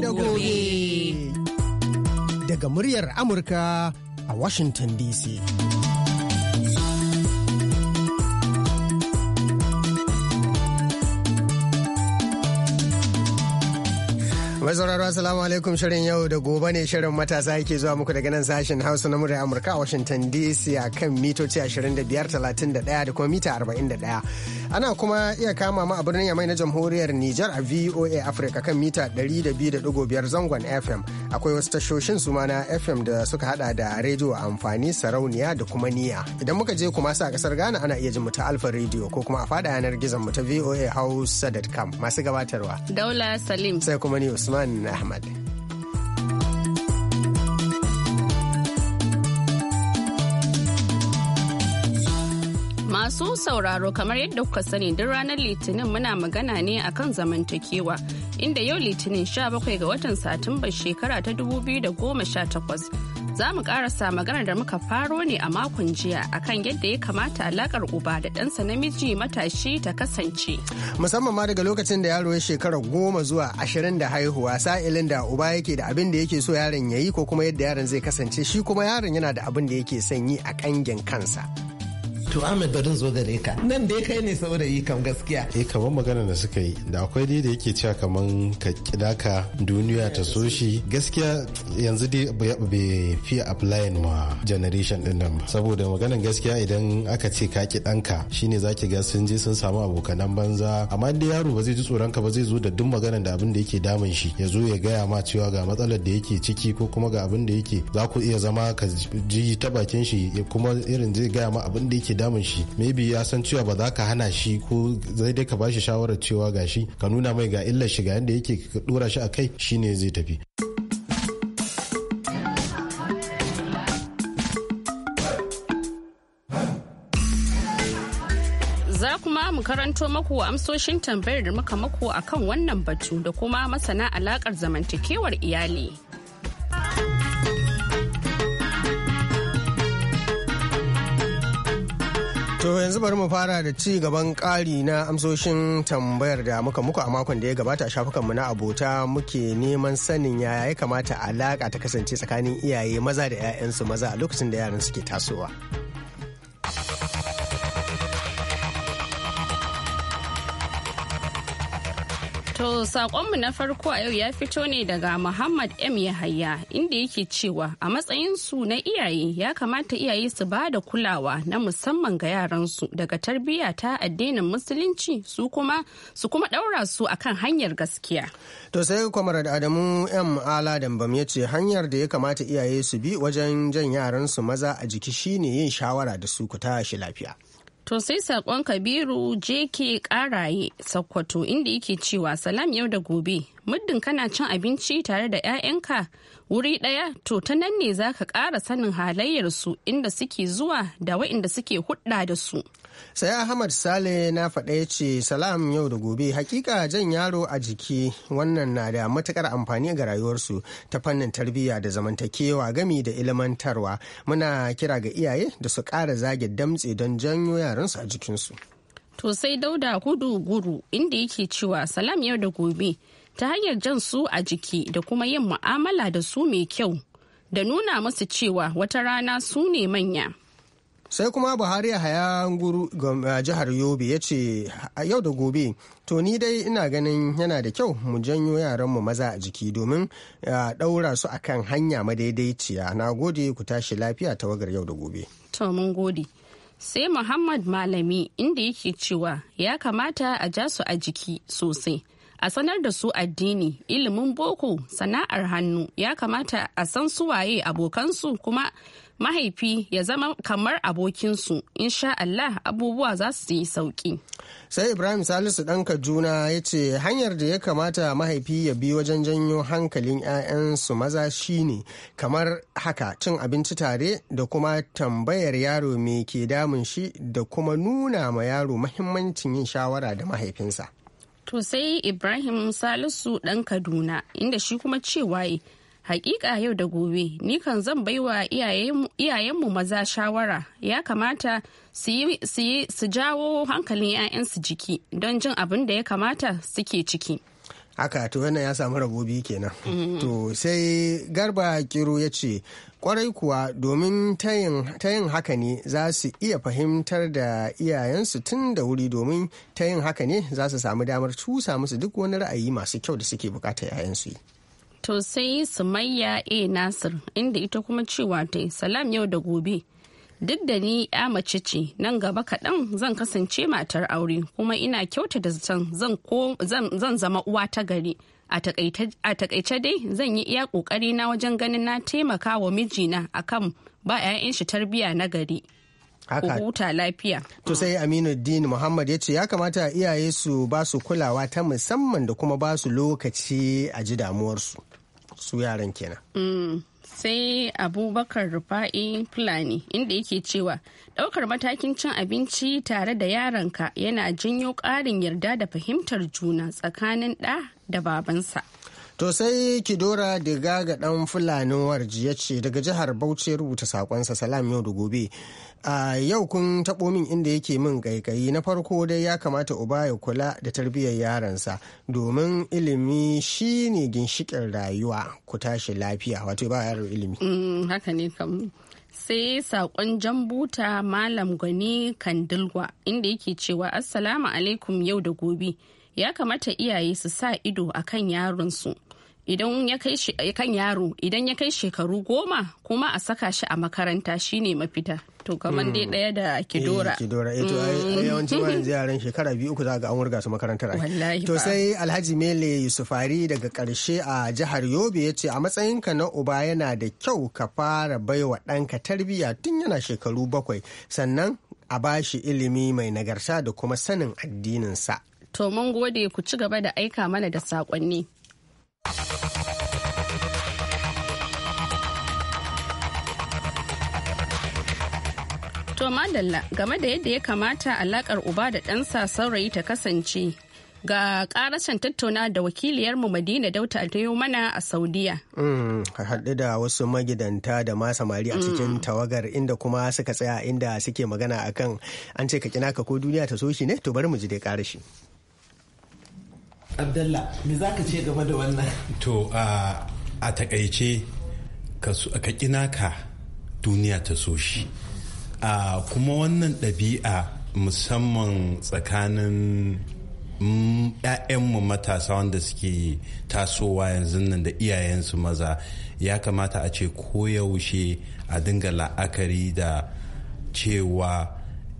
da gobe. Daga muryar Amurka a Washington DC. sauraro assalamu alaikum shirin yau da gobe ne shirin matasa yake zuwa muku daga nan sashen hausa na murya amurka a washington dc a kan mitoci 25 31 da kuma mita 41 ana kuma iya kama ma a birnin yamai na jamhuriyar Nijar a VOA Africa kan mita 200.5 zangon FM akwai wasu tashoshin su na FM da suka hada da rediyo amfani sarauniya da kuma niya idan muka je kuma sa kasar Ghana ana iya jin mu ta Alfa rediyo ko kuma a fada yanar gizon mu ta VOA Hausa.com masu gabatarwa Daula Salim sai kuma ni Usman Ahmad Masu sauraro kamar yadda kuka sani duk ranar Litinin muna magana ne akan zamantakewa inda yau Litinin 17 ga watan Satumba shekara ta 2018 za mu karasa magana da muka faro ne a makon jiya akan yadda ya kamata alakar uba da ɗansa namiji matashi ta kasance. Musamman ma daga lokacin da yaro ya shekara goma zuwa ashirin da haihuwa sa'ilin da uba yake da abin da yake so yaron ya yi ko kuma yadda yaron zai kasance shi kuma yaron yana da abin da yake son yi a kangen kansa. to Ahmed bari zo gare ka nan dai kai ne saurayi kam gaskiya eh kamar magana da suka yi da akwai dai da yake cewa kaman ka kidaka duniya ta so shi gaskiya yanzu dai bai fi applying ma generation din nan ba saboda maganan gaskiya idan aka ce ka ki danka shine zaki ga sun je sun samu abokanan banza amma dai yaro ba zai ji tsoron ka ba zai zo da duk maganan da abin da yake damun shi ya zo ya gaya ma cewa ga matsalar da yake ciki ko kuma ga abin da yake za ku iya zama ka ji ta bakin shi kuma irin zai gaya ma abin da yake damun shi maybe ya san cewa ba za ka hana shi ko zai dai ka shi shawarar cewa ga shi ka nuna mai ga illar shi ga yanda yake ka dora shi a kai shine zai tafi za kuma mu karanto maku amsoshin tambayar da muka maku akan wannan batu da kuma masana alakar zamantakewar iyali. To yanzu bari mu fara da ci gaban ƙari na amsoshin tambayar da muka muku a makon da ya gabata a shafukanmu na abota muke neman sanin yaya ya kamata alaka ta kasance tsakanin iyaye maza da 'ya'yansu maza a lokacin da yaran suke tasowa. To saƙonmu na farko a yau ya fito ne daga Muhammad M. Yahaya inda yake cewa a matsayinsu na iyaye ya kamata iyaye su ba da kulawa na musamman ga yaransu daga tarbiyya ta addinin musulunci su kuma su kuma ɗaura su a kan hanyar gaskiya. To sai kwamarar Adamu M. Ala Dambam ya ce hanyar da ya kamata iyaye su bi wajen jan yaransu maza a jiki shine yin shawara da su ku tashi lafiya. To sai sakon Kabiru JK Karaye Sokoto inda yake cewa salam yau da gobe muddin kana cin abinci tare da 'ya'yanka wuri ɗaya to ta nan ne za ka ƙara sanin halayyarsu inda suke zuwa da waɗanda suke hudda da su. sai ahmad sale na faɗa ya ce salam yau da gobe hakika jan yaro a jiki wannan na da matukar amfani ga rayuwarsu ta fannin tarbiyya da zamantakewa gami da ilmantarwa muna kira ga iyaye da su ƙara zage damtse don janyo yaransu a jikinsu to sai dauda hudu guru inda yake cewa salam yau da gobe ta hanyar jan su a jiki da kuma yin mu'amala da su mai kyau da nuna musu cewa wata rana su ne manya. sai kuma buhari haya guru jihar yobe ya ce yau da gobe to ni dai ina ganin yana da kyau mu janyo yaranmu maza a jiki domin a ɗaura su akan hanya madaidaiciya na gode ku tashi lafiya ta wagar yau da gobe to mun gode sai muhammad malami inda yake cewa ya kamata a ja su a jiki sosai a sanar da su addini ilimin boko sana'ar hannu ya kamata a san su waye abokansu kuma mahaifi ya zama kamar abokinsu insha Allah abubuwa za su yi sauki. sai ibrahim salisu dan kaduna ya ce hanyar da ya kamata mahaifi ya bi wajen janyo hankalin 'ya'yansu maza shine kamar haka cin abinci tare da kuma tambayar yaro me ke damun shi da kuma nuna ma yaro mahimmancin yin shawara da mahaifinsa To sai Ibrahim Salisu ɗan Kaduna inda shi kuma cewa hakika yau da gobe ni kan zan baiwa iyayenmu maza shawara ya kamata su jawo hankalin 'ya'yansu jiki don jin abin da ya kamata suke ciki. haka to wannan ya samu rabobi kenan mm-hmm. to sai garba kiro ya ce kwarai kuwa domin ta yin haka ne za su iya fahimtar da iyayensu tun da wuri domin ta yin haka ne za su samu damar cusa musu duk wani ra'ayi masu kyau da suke bukata yayansu to sai sumayya a nasir inda ita kuma cewa ta salam yau da gobe duk da ni ya mace ce nan gaba kaɗan zan kasance matar aure kuma ina kyauta da zaton zan zama uwa ta gari a takaice dai zan yi iya ƙoƙari na wajen ganin na taimaka wa mijina akan ba 'ya'yan shi tarbiyya na gari haka huta lafiya to sai aminu din muhammad ya ce ya kamata iyaye su ba su kulawa ta musamman da kuma ba su lokaci a ji damuwarsu su yaran kenan mm. sai abubakar rufa'i fulani inda yake cewa ɗaukar matakin cin abinci tare da yaranka yana janyo ƙarin yarda da fahimtar juna tsakanin ɗa da babansa. To sai Kidora Diga ga ɗan fulani Warji ya ce daga jihar Bauchi rubuta sakonsa salam yau da gobe. A yau kun taɓo min inda yake min ƙaiƙayi na farko dai ya kamata uba ya kula da tarbiyyar yaransa domin ilimi shine ginshikin rayuwa ku tashi lafiya wato ba yaro ilimi. Mm, haka ne kam. Sai saƙon jambuta Malam Gwani Kandilwa inda yake cewa Assalamu alaikum yau da gobe. ya kamata iyaye su sa ido a kan yaronsu idan ya kai yaro idan ya kai shekaru goma kuma a saka shi a makaranta shine mafita to kamar dai daya hmm. da kidora eh, kidora eh to hmm. yawanci ma yanzu yaran shekara biyu uku za ga an wurga su makarantar ai to sai Alhaji Mele Yusufari daga karshe a jihar Yobe yace a matsayinka na uba yana da kyau ka fara baiwa ɗanka tarbiyya tun yana shekaru bakwai sannan a bashi ilimi mai nagarta da kuma sanin addininsa To mun gode ku ci gaba da aika mana da saƙonni. To madalla game da yadda ya kamata alakar uba da ɗansa saurayi ta kasance ga karashin tattauna da wakiliyarmu madina dauta yi mana a saudiya mm, haɗu da wasu magidanta da ma samari a mm. cikin tawagar inda kuma suka tsaya inda suke magana akan an ce ka kina ka ko duniya ta so shi ne to bari mu ji dai karashi abdallah me za ka ce game da wannan to a takaice ka ƙi naka duniya ta so shi kuma wannan ɗabi'a musamman tsakanin ‘ya'yanmu matasa wanda suke tasowa yanzu nan da iyayensu maza ya kamata a ce koyaushe a dinga la'akari da cewa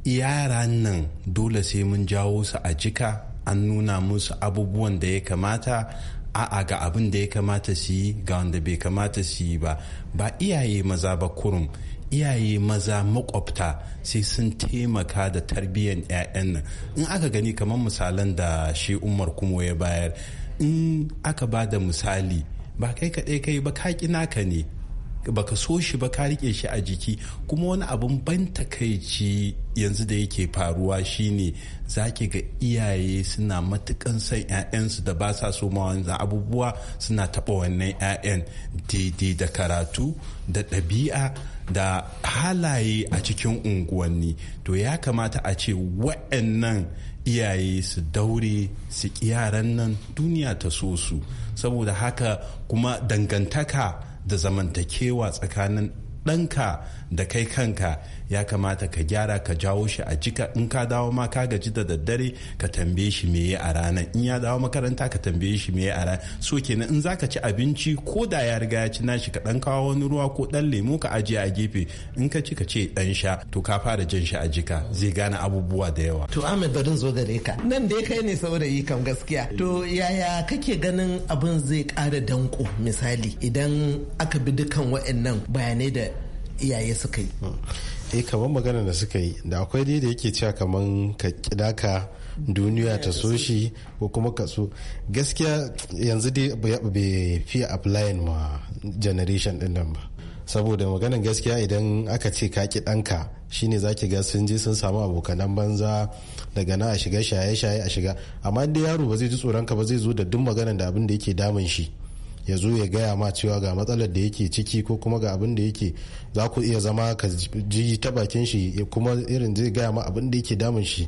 yaran nan dole sai mun jawo su a jika an nuna musu abubuwan da ya kamata a'a ga abin da ya kamata su yi ga wanda bai kamata su yi ba ba iyaye maza ba kurum iyaye maza makwabta sai sun taimaka da tarbiyyar 'ya'yan nan in aka gani kamar misalan da shi umar kuma ya bayar in aka ba da misali ba kai kaɗai kai ba ka naka ne baka so shi ba ka rike shi a jiki kuma wani abin ban takaici yanzu da yake faruwa shine zaki ga iyaye suna matukan son 'ya'yansu da ba sa so ma wanzan abubuwa suna taɓa wannan 'ya'yan daidai da karatu da ɗabi'a da halaye a cikin unguwanni to ya kamata a ce wa'annan iyaye su daure su yaran nan duniya ta so su saboda haka kuma dangantaka da zamantakewa tsakanin ɗanka da kai kanka ya kamata ka gyara ka jawo shi a jika in ka dawo ma ka gaji da daddare ka tambaye shi me a ranar in ya dawo makaranta ka tambaye shi me a ranar so kenan in zaka ci abinci ko da ya riga ya ci nashi ka dan kawo wani ruwa ko dan lemo ka ajiye a gefe in ka ci ka ce dan sha to ka fara jan shi a jika zai gane abubuwa da yawa to Ahmed barin zo gare ka nan dai kai ne saurayi kam gaskiya to yaya kake ganin abin zai kara danko misali idan aka bi dukan waɗannan bayanai da iyaye suka yi hmm. eh kamar magana da suka yi da akwai dai da yake cewa kamar ka kidaka duniya ta so shi ko kuma ka so gaskiya yanzu dai bai fiye applying ma generation din nan ba saboda maganan gaskiya idan aka ce ka ki ɗanka shine zaki ga sun je sun samu abokanan banza daga na a shiga shaye-shaye a shiga amma dai yaro ba zai ji tsoron ka ba zai zo da duk maganan da abin da yake damun shi ya zo ya gaya ma cewa ga matsalar da yake ciki ko kuma ga abin da yake za ku iya zama ka ji ta bakin shi kuma irin zai gaya ma abin da yake damun shi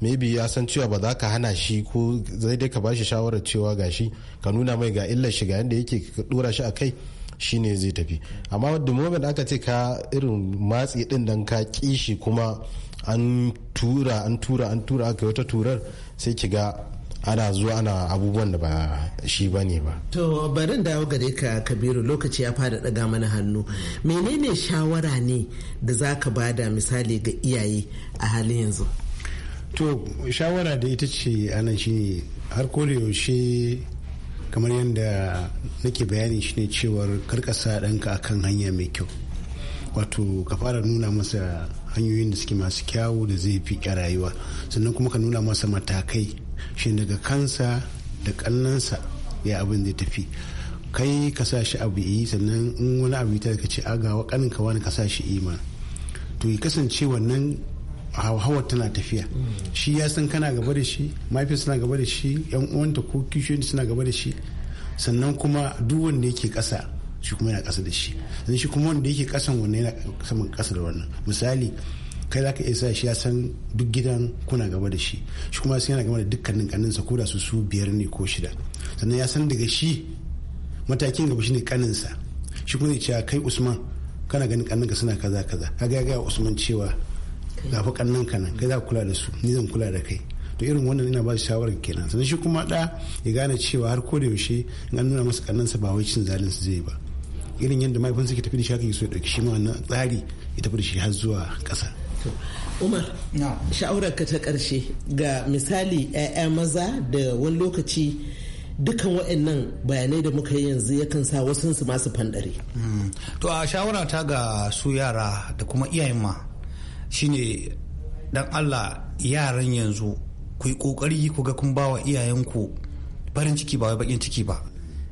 maybe ya san cewa ba za ka hana shi ko zai dai ka bashi shawarar cewa ga shi ka nuna mai ga illar shi ga yadda yake ka dora shi a kai shine zai tafi amma da moment aka ce ka irin matsi din dan ka kishi kuma an tura an tura an tura aka wata turar sai ki ga ana zuwa ana abubuwan da ba shi ba ne ba. To barin dawo gare ka Kabiru lokaci ya fara daga mana hannu. Menene shawara ne da za ka bada misali ga iyaye a halin yanzu? To shawara da ita ce shi ne har kore yaushe kamar yadda nake bayani shi ne cewar karkasa ɗanka akan hanya mai kyau. Wato ka fara nuna masa hanyoyin da suke masu kyawu da zai fi rayuwa sannan kuma ka nuna masa matakai shi daga kansa da kallonsa ya abin da tafi kai ka sa shi abu yi sannan in wani abu ta ka ce agawa kanin ka wani ka sa shi iman to ya kasance wannan hawa tana tafiya shi ya san kana gaba da shi mafi suna gaba da shi yan uwanta ko kishiyoyi suna gaba da shi sannan kuma duk wanda yake kasa shi kuma yana kasa da shi sannan shi kuma wanda yake kasan wannan yana saman kasa da wannan misali kai za ka iya sa shi ya san duk gidan kuna gaba da shi shi kuma yana gaba da dukkanin kaninsa ko da su su biyar ne ko shida sannan ya san daga shi matakin gaba ne kaninsa shi kuma ya ce kai usman kana ganin kaninka suna kaza kaza kaga ya usman cewa ga fa kannan nan kai za ka kula da su ni zan kula da kai to irin wannan ina ba shi shawarar kenan sannan shi kuma da ya gane cewa har ko da yaushe in an nuna masa kaninsa ba wai cin zalin su zai ba irin yadda mahaifinsa ke tafi da shi haka ya so ya dauki shi ma tsari ya tafi da shi har zuwa kasa. Umar, no. ka ta karshe ga misali 'ya'ya maza da wani lokaci dukan waɗannan bayanai da muka yi yanzu yakan sa wasu su masu fandare. Hmm. To a shawara ta ga su yara da kuma iyayen ma shine dan Allah yaran yanzu ku yi ƙoƙari ku ga kun bawa iyayenku farin ciki ba wai bakin ciki ba.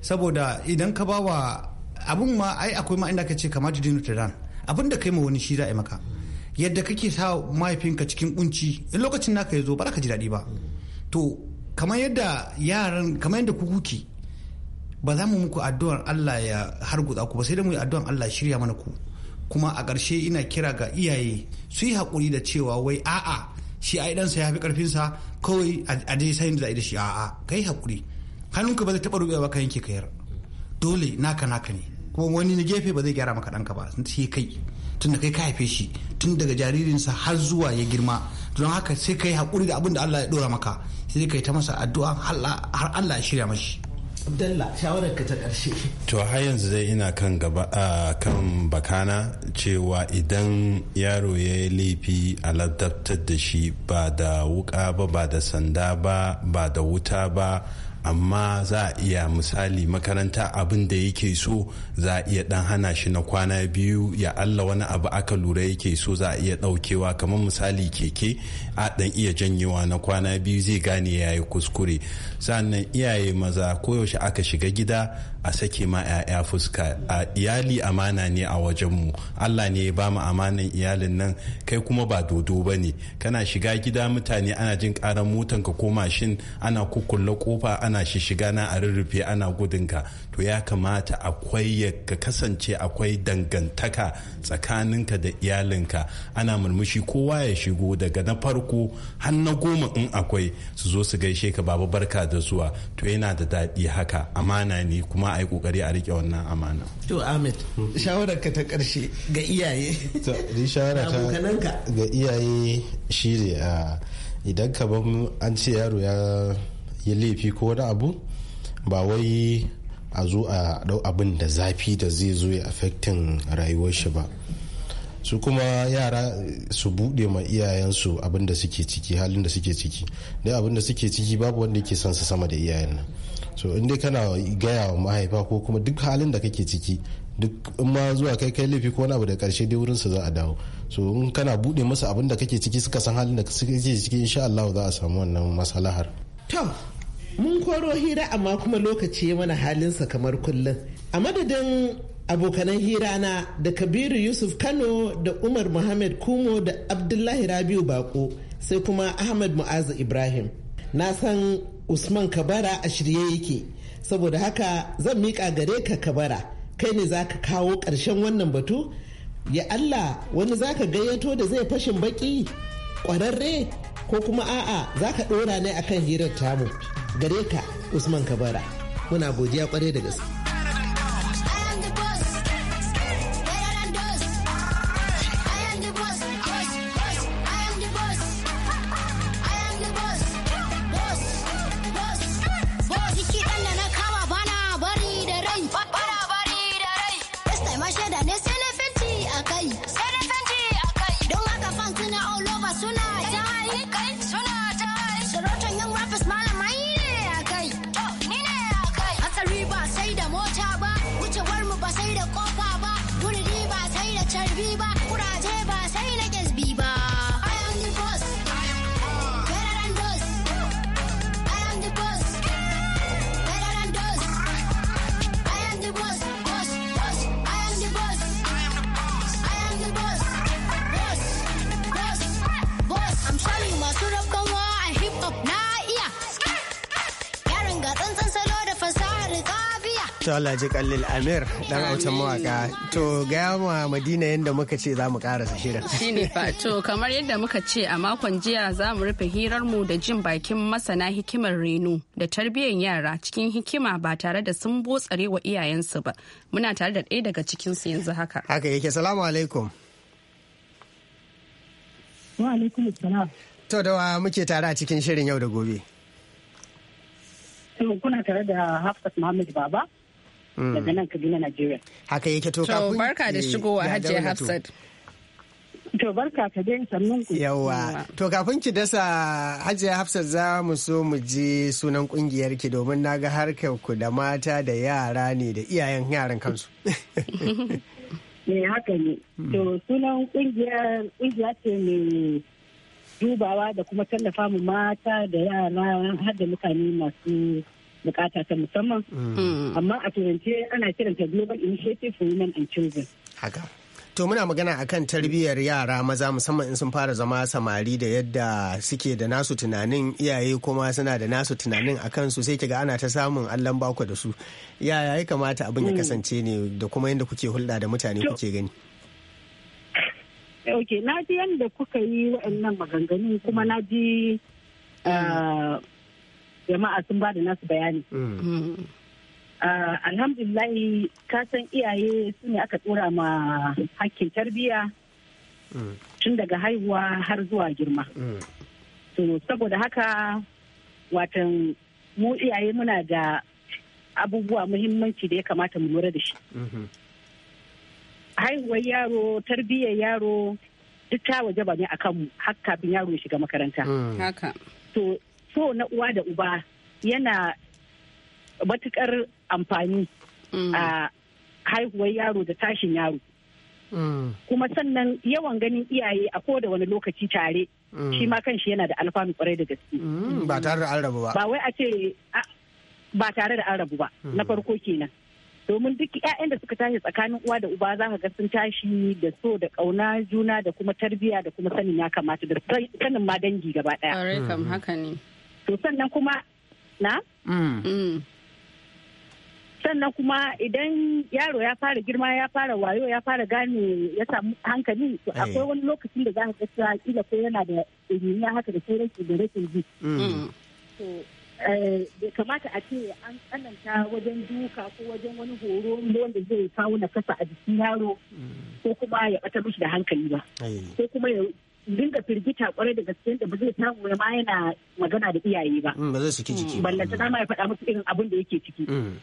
Saboda idan ka bawa abun ma ai akwai ma inda ka ce kamar Notre Dame abin da kai ma wani shi za a maka. Mm. yadda kake sa mahaifinka cikin kunci in lokacin naka ya zo ba ka ji daɗi ba to kamar yadda yaran kamar yadda ku kuke ba za mu muku addu'ar Allah ya hargutsa ku ba sai da mu yi addu'ar Allah shirya mana ku kuma a ƙarshe ina kira ga iyaye su yi haƙuri da cewa wai a'a shi ai ɗansa ya fi ƙarfinsa kawai a dai sai da da shi a'a kai haƙuri hannunka ba zai taɓa rubewa ba ka yanke kayar dole naka naka ne kuma wani na gefe ba zai gyara maka ɗanka ba sai kai tun da kai ka haife shi tun daga jaririnsa har zuwa ya girma don haka sai kai haƙuri da abin da Allah ya dora maka sai kai ta masa addu'a har Allah ya shirya mashi dalla shawarar ka ta ƙarshe to har yanzu zai ina kan gaba a kan bakana cewa idan yaro ya yi laifi a ladabtar da shi ba da wuka ba ba da sanda ba ba da wuta ba amma za a iya misali makaranta abin da yake so za a iya dan hana shi na kwana biyu ya allah wani abu aka lura yake so za a iya daukewa kamar misali keke a dan iya janyewa na kwana biyu zai gane yayi kuskure sannan iyaye maza koyaushe aka shiga gida a sake ma 'ya'ya fuska a iyali amana ne a wajenmu allah ne ya ba mu amanan iyalin nan kai kuma ba dodo ba ne kana shiga gida mutane ana jin karan motanka ko mashin ana kukulla kofa ana shi shiga na a rurrufe ana gudunka to ya kamata akwai ka kasance akwai dangantaka tsakaninka da iyalinka ana murmushi kowa ya shigo daga na farko har na goma in akwai su zo su gaishe ka baba barka da zuwa to yana da daɗi haka amana ne kuma a yi kokari a rike wannan amana to ahmed shawarar ka ta karshe ga iyaye shawara ta ga iyaye shi a idan kamar an ce yaro ya yi laifi ko wani abu ba wai a zo a dau abin da zafi da zai zo ya affecting rayuwar shi ba su kuma yara su buɗe ma iyayensu abin da suke ciki halin da suke ciki dai abin da suke ciki babu wanda yake son su sama da iyayen nan so in dai kana gaya wa mahaifa ko kuma duk halin da kake ciki duk in ma zuwa kai kai laifi ko wani abu da karshe dai wurin su za a dawo so in kana buɗe musu abin da kake ciki suka san halin da suke ciki insha Allah za a samu wannan masalahar to mun koro hira amma kuma lokaci ya mana halinsa kamar kullum a madadin abokanan hira na da kabiru yusuf kano da umar muhammad kumo da abdullahi rabiu bako sai kuma ahmad mu'azu ibrahim na san usman kabara a shirye yake saboda haka zan miƙa gare ka kabara kai ne za ka kawo ƙarshen wannan batu ya allah wani za ka gayyato da zai fashin baki ƙwararre ko kuma a'a za ka ɗora ne akan hirar tamu gare ka usman kabara muna godiya kwarai da gaske insha Allah ji kallil Amir dan autan mawaka to ga ma Madina yanda muka ce za mu karasa shirin shine fa to kamar yadda muka ce a makon jiya za mu rufe hirar mu da jin bakin masana hikimar reno da tarbiyyar yara cikin hikima ba tare da sun botsare wa iyayensu ba muna tare da ɗaya daga cikin su yanzu haka haka yake salamu alaikum wa alaikum salam to da muke tare a cikin shirin yau da gobe kuna tare da Hafsat Muhammad Baba Mm. daga nan Kaduna Najeriya. Haka yake to kafin. barka da eh, shigowa Hajiya Hafsat. To barka ka dai sannan ku. Yawwa. To kafin ki dasa Hajiya Hafsat za mu so mu ji sunan kungiyar ki domin na ga harkar ku da mata da yara ne da iyayen yaran kansu. Me eh, haka ne. Mm. To sunan kungiyar kungiya ce ne dubawa da kuma tallafa mu mata da yara har da mutane masu bukata ta musamman mm. amma a turance ana kiranta global initiative for women and children haka To muna magana akan tarbiyyar yara maza musamman in sun fara zama samari da yadda suke da nasu tunanin iyaye kuma suna da nasu tunanin a kansu sai kiga ana ta samun allon bako da su. Yaya ya kamata abin ya mm. kasance ne da kuma yadda kuke hulɗa da mutane kuke gani? Ok, na ji yadda kuka yi waɗannan maganganun kuma na ji mm. ah, jama'a sun ba da nasu bayani. Mm. Ah, Alhamdulillahi ka san iyaye su ne aka tsora ma hakkin tarbiyya mm. tun daga haihuwa har zuwa girma. Mm. To saboda haka watan mu iyaye muna da abubuwa muhimmanci da ya kamata mu lura da shi. Mm-hmm. Haihuwar yaro, tarbiyyar yaro, duk ta waje ba ne a kan kafin yaro shiga makaranta. Haka. so na uwa da uba yana matukar amfani mm. a haihuwar yaro da tashin yaro mm. kuma sannan yawan ganin iyaye a ko da wani lokaci tare mm. shi ma kanshi yana da alfanu kwarai da gaske ba tare da an rabu ba ba wai a ce ba tare da an rabu ba na farko kenan domin duk 'ya'yan da suka tashi tsakanin uwa da uba za ka ga sun tashi da so da ƙauna juna da kuma tarbiyya da kuma sanin ya kamata da sanin ma dangi gaba ɗaya. to sannan kuma na mm. Mm. sannan kuma idan yaro ya fara girma ya fara wayo ya fara gane ya samu hankali to eh. akwai wani lokacin da za ka ga kila ko yana da ilimiya haka da sauran da rashin ji mm. Eh, bai kamata a ce an tsananta wajen duka ko wajen wani horo wanda zai kawo na kasa a jikin yaro ko kuma ya bata mishi da hankali ba eh. ko kuma ya dinga firgita kwarai da gaske da ba zai samu ya ma yana magana da iyaye ba. Mm, ba zai saki jiki. ta dama ya faɗa musu irin abin da yake ciki. Mm.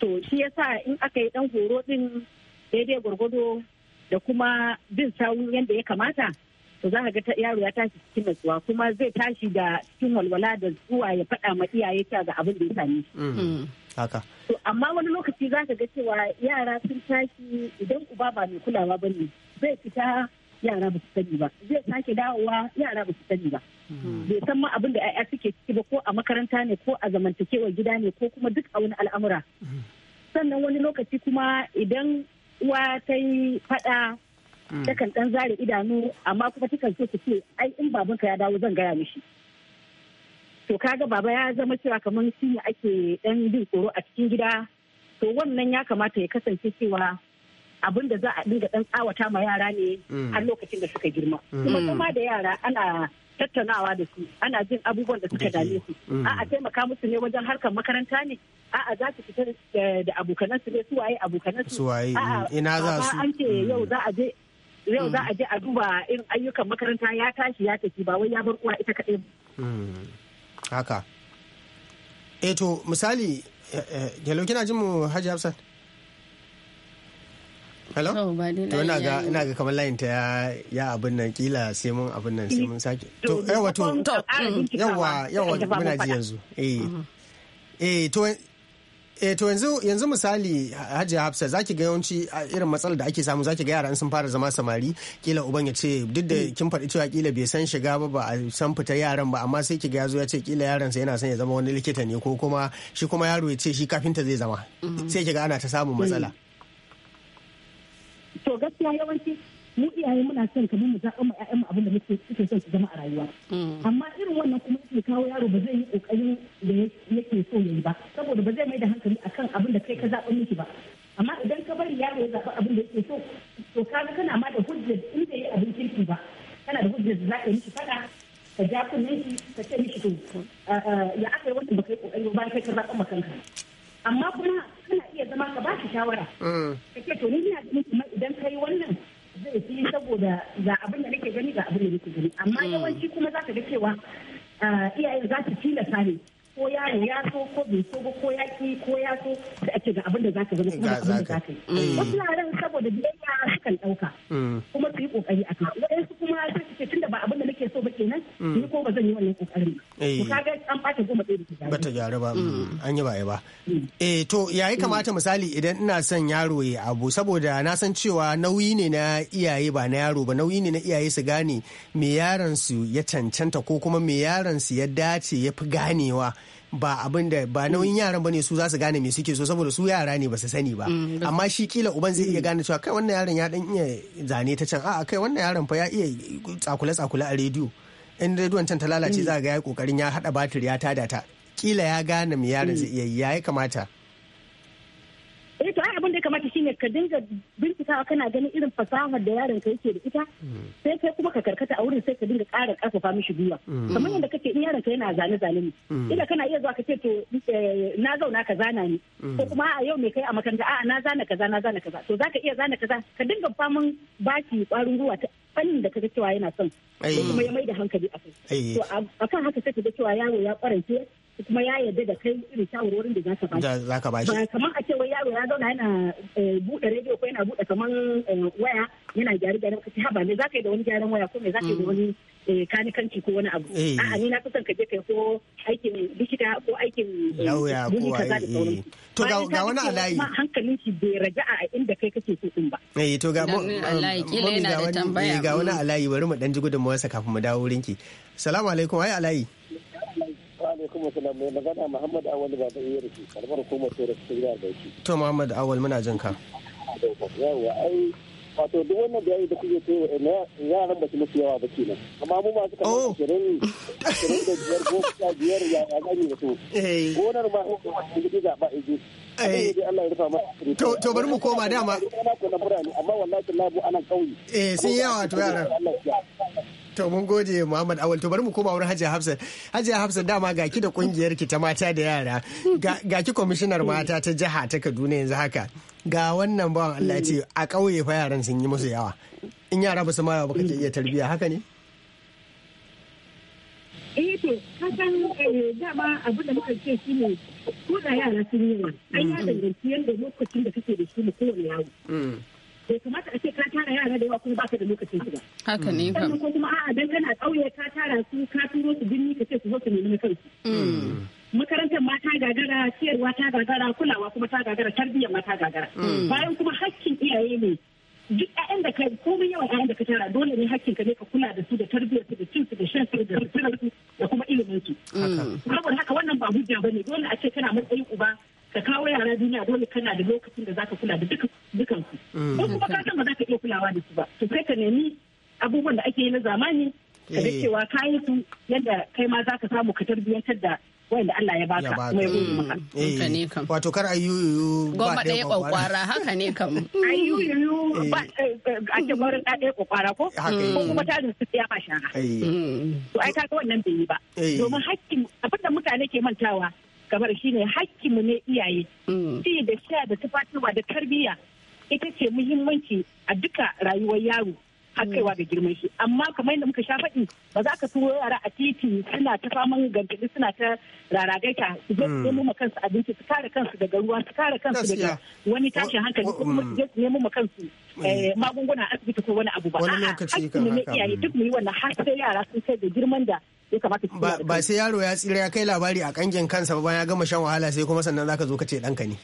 To shi yasa in aka yi ɗan horo ɗin daidai gwargwado da kuma bin sawu yadda ya kamata to za ka ga yaro ya tashi cikin natsuwa kuma zai tashi da cikin walwala da zuwa ya faɗa ma iyaye ta ga abin da ya same shi. Mm. Haka. To amma wani lokaci za ka ga cewa yara sun tashi idan uba ba mai kulawa ba ne zai fita yara ba su sani ba zai sake dawowa yara ba su sani ba hmm. bai san ma abin da 'ya'ya suke ciki ba ko a makaranta ne ko a zamantakewar gida ne ko kuma duk a wani al'amura hmm. sannan wani lokaci kuma idan uwa ta yi faɗa hmm. takan ɗan zare idanu amma kuma takan so su ce ai in babanka ya dawo zan gaya mishi to kaga baba ya zama cewa kamar shi ake ɗan bin tsoro a cikin gida to wannan ya kamata ya kasance cewa abin da za a dinga dan tsawata ma yara ne mm. har lokacin da suka girma kuma mm. kuma da yara ana tattaunawa da su ana jin abubuwan da suka dame su mm. a'a taimaka musu ne wajen harkar makaranta ne a'a za su fita da abokanan su ne su waye abokanan su ina za su an ce yau za a je yau za a je a duba in ayyukan makaranta ya tashi ya tafi ba wai ya bar uwa ita kaɗai haka Eto eh misali eh, eh, hello kina jin mu Hajji Hafsat hello to ina ga ina ga kamar layin ta ya abin nan kila sai mun abin nan sai mun sake to yawa to yawa mm, yawa muna ji yanzu eh mm-hmm. eh to eh to yanzu yanzu misali Hajiya Hafsa zaki ga yawanci irin matsalar da ake samu zaki ga yaran sun fara zama samari kila uban ya ce duk da mm. kin faɗi cewa kila bai san shiga ba ba a san fita yaran ba amma sai ki ga yazo ya ce kila yaran sa yana son ya zama wani likita ne ko kuma shi kuma yaro ya ce shi kafinta zai zama mm-hmm. sai ki ga ana ta samun matsala mm. to gaskiya yawanci mu iyaye muna son kamar mu zaɓa ma ƴaƴan mu abin da muke suke son su zama a rayuwa mm. amma irin wannan kuma yake kawo yaro ba zai yi kokarin da yake so yayi ba saboda ba zai mai da hankali akan abin da kai ka zaɓa miki ba amma idan ka bari yaro ya zaɓa abin da yake so to ga kana ma da hujjar in bai yi abin kirki ba kana da hujjar da za ka yi miki faɗa ka ja kunnen ki ka ce miki to ya aka yi wannan ba kai kokari ba bayan kai ka zaɓa ma kanka amma kuma suna iya zama ka ba shi shawara mm. ka ce to ni ina ganin kuma idan ka yi wannan zai fi saboda ga abin da nake gani ga abin da nake gani amma mm. yawanci kuma za ka ga cewa ah, iyayen za su tilasta ne ko yaro ya so ko bai so ba ko ya ko ya so da ake ga abin da zaka zama kuma abin da zaka yi wasu yaran saboda biyayya sukan dauka mm. kuma su yi kokari a kan waɗansu kuma sai su ce tunda ba abin da nake so ba kenan mm. ni ko ba zan yi wannan kokarin ba eh. kaga an bata goma ɗaya da bata gyara ba mm. an yi ba ba eh to yayi kamata misali idan ina son yaro ya abu saboda na san cewa nauyi ne na iyaye ba na yaro ba nauyi ne na iyaye su gane me yaron su ya cancanta ko kuma me yaron su ya dace ya fi ganewa ba abin da ba nauyin yaran bane su zasu gane me suke so saboda su yara ne ba su sani ba mm, amma shi kila uban zai iya mm. gane cewa kai wannan yaron ya dan iya zane ta can a'a kai wannan yaron fa ya iya tsakule tsakule a rediyo in rediyon can ta lalace mm. za ga ya kokarin ya hada batir ya tada ta kila ya gane me yaron zai iya yi ya kamata eh, abin da ya kamata shine ka dinga bincikawa kana ganin irin fasahar da yaron ka yake da ita sai kai kuma ka karkata a wurin sai ka dinga ƙara ƙarfafa mishi gwiwa mm. kamar yadda kake in yaron ka yana zane zane ne mm. ina kana iya zuwa ka ce to eh, na zauna ka zana ni mm. ko kuma a yau me kai a makaranta a'a na zana kaza na zana kaza to zaka iya zana kaza ka dinga faman baki ƙwarin gwiwa ta fannin da kaga cewa yana son kuma ya mai da hankali a kai to akan haka sai ka ga cewa yaro ya ƙwarance kuma ya yarda da kai irin shawarwarin da zaka ba shi. ba kamar a wai yaro ya zauna yana eh, buɗe rediyo ko yana buɗe kamar eh, waya yana gyare gyare kace haba me zaka yi da wani gyaran waya ko me zaka yi da mm. wani eh, kanki ko wani abu a'a ni na kusan ka je kai ko aikin likita ko aikin lauya ko ai to ga wani alayi hankalin shi bai raja'a a inda kai kake so din ba eh to ga mu um, mun ga wani mm. alayi bari mu dan ji wasa kafin mu dawo wurinki salamu alaikum ai alayi alaikum salam mai magana Muhammad Awal ba zai iya rufe karbar hukumar tura To Muhammad Awal muna jin ka. Yawa ai wato duk wannan da yayi da kuke ce eh, yaran ba su mutu yawa ba kenan amma mu masu kamar oh. ashirin da biyar ko sha biyar ya gani da su eh. gonar ma eh, gidi To bari mu koma dama. Amma wallahi labu ana kauye. Eh sun yawa to yaran. to mun gode Muhammad Awal to bari mu koma wurin Hajiya Hafsat Hajiya Hafsat dama ga ki da kungiyar ki ta mata da yara ga ki kwamishinar mata ta jiha ta Kaduna yanzu haka ga wannan bawan Allah ce a ƙauye fa yaran sun yi musu yawa in yara ba su ma ba kake iya tarbiya haka ne eh to kasan ba eh, abu da muka ce shi ne ko da yara sun yi an ai ya mm. danganci yadda lokacin da kake da shi mu kowane yawo mm. bai kamata ka tara yara da yawa kuma baka da lokacin shiga. Haka ne ka. Sannan a'a dan kana ƙauye ka tara su ka turo su birni ka ce su zo su nemi na kansu. Mm. Makarantar ma ta gagara, ciyarwa ta gagara, kulawa kuma ta gagara, tarbiyyar ma ta gagara. Mm. Bayan kuma hakkin iyaye ne duk ƴaƴan da kai komai yawan ƴaƴan da ka tara dole ne hakkin ka ne ka kula da su da tarbiyyar su da cin su da shan su da suturar su da kuma ilimin su. Saboda haka wannan ba hujja bane dole a ce kana matsayin uba ka kawo yara duniya dole kana da lokacin da zaka kula da duka dukansu ko mm. kuma ka san ba za ka iya kulawa da su ba to ka nemi abubuwan da ake yi na zamani ka ga eh. cewa ka yi su yadda kai ma za ka samu ka tarbiyyantar da wanda Allah ya baka kuma ya mm. eh. ne kam. Wato kar ba ɗaya kwakwara haka ne kam. Eh. ba a ce gwarin ɗaya kwakwara ko? Ko kuma ya ba shara. Mm. To ai kaga wannan bai yi ba. Domin hakkin abin da mutane ke mantawa kamar shine hakkinmu ne iyaye. Ci da sha da tufatarwa da tarbiyya ita ce muhimmanci a duka rayuwar yaro har kaiwa da girman shi amma kamar yadda muka sha faɗi ba za ka turo yara a titi suna ta faman gargaɗi suna ta raragaita su je su hmm. nemo ma kansu abinci su kare kansu daga ruwa su kare kansu daga wani tashin hankali ko kuma su hmm. je su nemo ma kansu hmm. eh, magunguna asibiti ko wani abu ba a hakki ne iyaye duk mu yi wannan har sai yara sun kai da girman da ya kamata su ba sai yaro ya tsira ya kai labari a kangen kansa ba ya gama shan wahala sai kuma sannan zaka zo ka ce ɗanka ne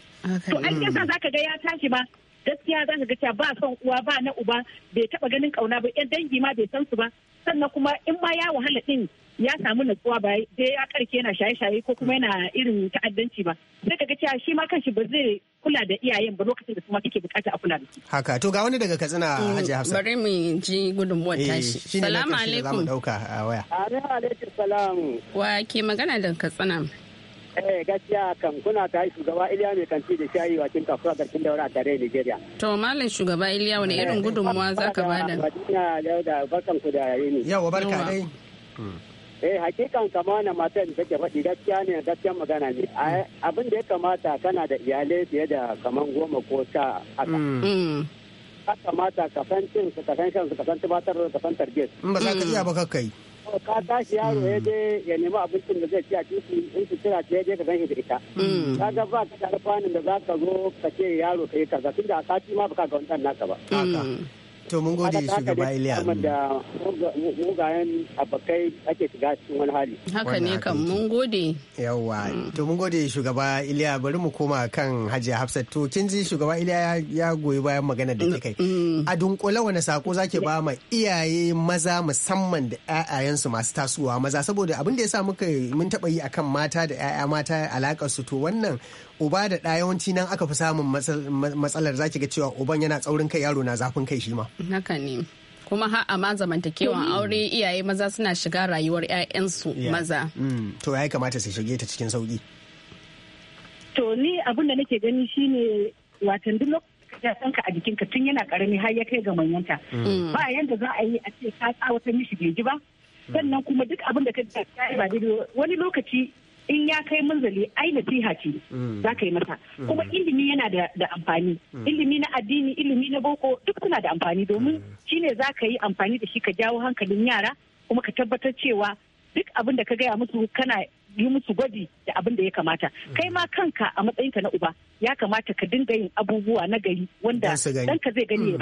to ai yasa zaka ga ya tashi ba gaskiya za ka ga cewa ba son uwa ba na uba bai taba ganin kauna ba yan dangi ma bai san su ba sannan kuma in ma ya wahala din ya samu natsuwa ba dai ya karke yana shaye-shaye ko kuma yana irin ta'addanci ba sai ka ga cewa shi ma kanshi ba zai kula da iyayen ba lokacin da su ma kake bukata a kula da su haka to ga wani daga katsina mm, Hajji Hafsa bari mu ji gudunmuwar eh, tashi salamu alaikum salam wa ke magana da katsina Eh gaskiya kan kuna ta shugaba Iliya ne kan ci da shayi wakin kasuwa garkin daura tare Nigeria. To malam shugaba Iliya wani irin eh, gudunmuwa za ka bada? Barkan ku da yini. Yawa barka dai. Eh hakikan kama na matan da take faɗi gaskiya ne gaskiyan magana ne. Abin da ya kamata kana da iyalai fiye da kaman goma ko sha haka. Ka mm. mm. kamata ka san cin su ka san shan su ka san tubatar da ka san tarbiyyar. Ba za ka mm. iya ba ka kai. ka tashi yaro ya je ya nemi abincin da zai ci a titi in su kira ta je ka ganshi da ita mm. ka ga ba ka da da za ka zo ka ce yaro ka yi kaza tunda a sati ma ba ka ga wannan naka ba mm. To mun gode shugaba Iliya. Da mugayen abokai ake shiga cikin wani hali. Haka ne kan mun gode. yawa mm. To mun gode shugaba Iliya bari mu koma kan haji Hafsat. To kin ji shugaba Iliya ya goyi bayan magana da kai. Mm. A dunkule wani sako zake ba ma iyaye maza musamman da su masu tasowa maza saboda abin da ya sa muka mun taba yi akan mata da ƴaƴa mata alakar su to wannan uba da ɗa yawanci nan aka fi samun matsalar zaki ga cewa uban yana tsaurin kai yaro na zafin kai shi ma haka ne kuma har a ma zamantakewan aure iyaye maza suna shiga rayuwar 'ya'yansu maza mm. to ya kamata su shige ta cikin sauki to ni abin da nake gani shine watan duk ya ka a jikinka tun yana karami har ya kai ga manyanta mm. ba yanda za a yi a ce ka tsawata mishi bai ji ba mm. sannan kuma duk abin da ka ji ba daidai wani lokaci in ya kai manzali ai nasiha ce mm. za ka yi masa mm. kuma ilimi yana da amfani mm. ilimi na addini ilimi na boko duk suna da amfani domin shine za ka yi amfani da shi ka jawo hankalin yara kuma ka tabbatar cewa duk abin da ka gaya musu kana yi musu gwaji da abin da ya kamata kai ma kanka a matsayinka na uba ya kamata ka dinga yin abubuwa na gari wanda ɗanka zai gani ya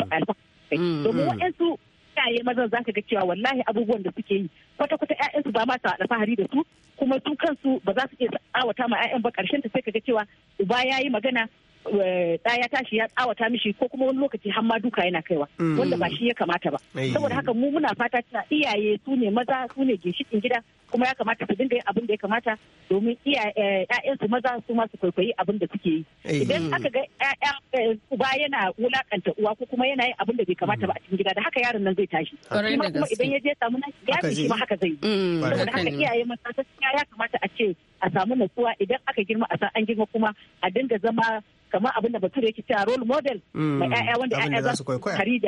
domin waɗansu iyaye mazan za ka ga cewa wallahi abubuwan da suke yi kwata-kwata su ba ma ta alfahari da su kuma su kansu ba za su iya awata ma 'ya'yan ba karshen ta sai ka ga cewa uba ya yi magana Da eh, ya tashi ya tsawata mishi ko kuma wani lokaci har ma duka yana kaiwa mm. wanda ba shi ya kamata ba saboda haka mu muna fata cewa iyaye su ne maza su ne ginshikin gida kuma ya kamata su dinga yin abin da ya kamata domin eh, su maza su ma su kwaikwayi abin da suke yi idan aka ga ƴaƴan eh, uba yana wulakanta uwa ko kuma yana yin abin da bai kamata ba a cikin gida da haka yaron nan zai tashi kuma idan ya je samu na ya shi ma haka zai yi mm. saboda haka iyaye maza ya kamata a ce a samu natsuwa idan aka girma a san an girma kuma a dinga zama kamar abin da bature yake cewa role model mm. ma 'ya'ya wanda 'ya'ya za su kari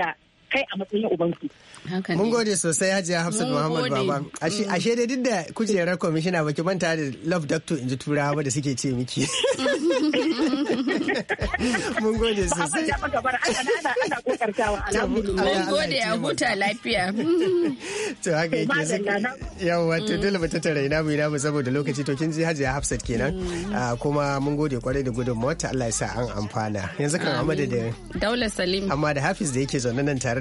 kai a matsayin ubansu. Mun gode sosai Hajiya Hafsat Muhammad Baba. Mm. Ashe dai duk da kujerar kwamishina ba ki manta da Love Doctor in ji turawa da suke ce miki. Mun gode sosai. Mun gode a huta lafiya. Mm. To haka yake yawa to mm. dole ta tattara ina mu ina mu saboda lokaci to kin ji Hajiya Hafsat kenan. Ah, kuma mun gode kwarai da gudunmawa wata Allah ya sa an amfana. Yanzu kan Amadu da Daula Salim. Amma da Hafiz da yake zaune nan tare